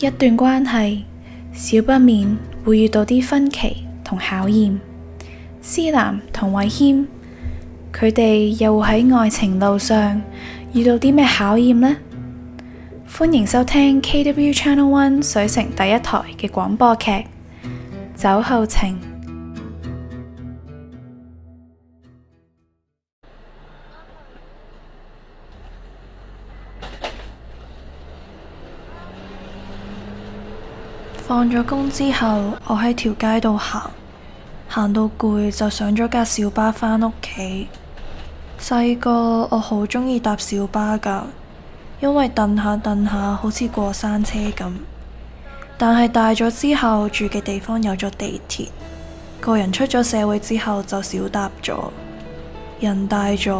一段關係，少不免會遇到啲分歧同考驗。思南同偉謙，佢哋又會喺愛情路上遇到啲咩考驗呢？歡迎收聽 KW Channel One 水城第一台嘅廣播劇《酒後情》。放咗工之後，我喺條街度行，行到攰就上咗架小巴返屋企。細個我好鍾意搭小巴㗎，因為頓下頓下好似過山車咁。但係大咗之後住嘅地方有咗地鐵，個人出咗社會之後就少搭咗。人大咗，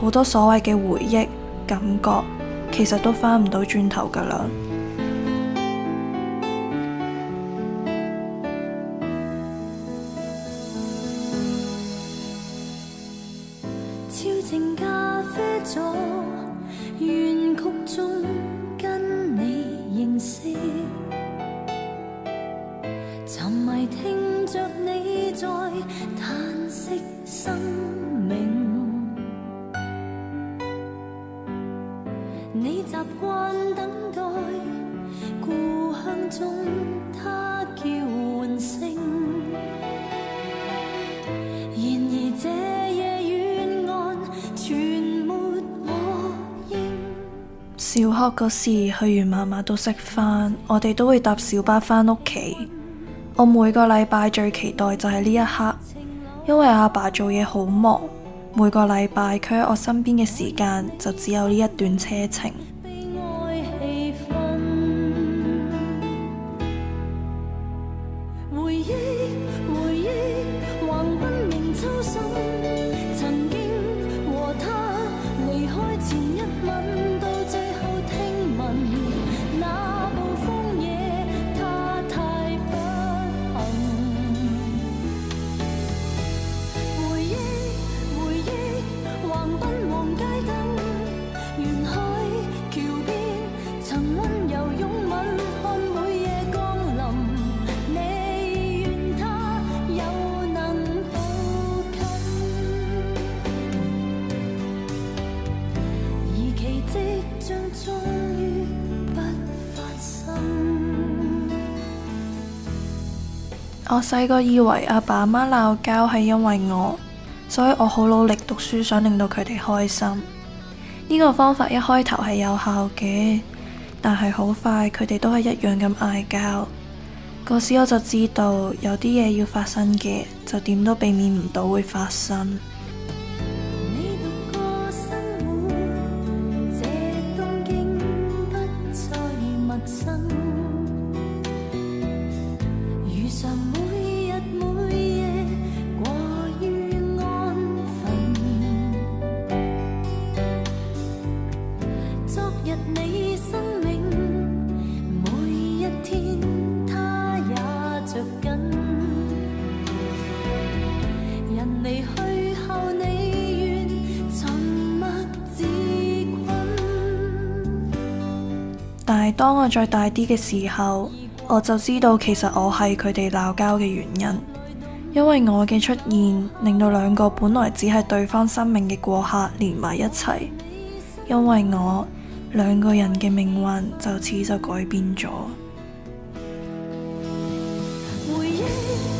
好多所謂嘅回憶感覺，其實都返唔到轉頭㗎啦。靜咖啡座，怨曲中跟你認識，沉迷聽着你在嘆息生命。你習慣等待，故鄉中他叫喚聲。小學嗰時去完嫲嫲度食飯，我哋都會搭小巴返屋企。我每個禮拜最期待就係呢一刻，因為阿爸做嘢好忙，每個禮拜佢喺我身邊嘅時間就只有呢一段車程。我細個以為阿爸阿媽鬧交係因為我，所以我好努力讀書，想令到佢哋開心。呢個方法一開頭係有效嘅，但係好快佢哋都係一樣咁嗌交。嗰時我就知道有啲嘢要發生嘅，就點都避免唔到會發生。當我再大啲嘅時候，我就知道其實我係佢哋鬧交嘅原因，因為我嘅出現令到兩個本來只係對方生命嘅過客連埋一齊，因為我，兩個人嘅命運就此就改變咗。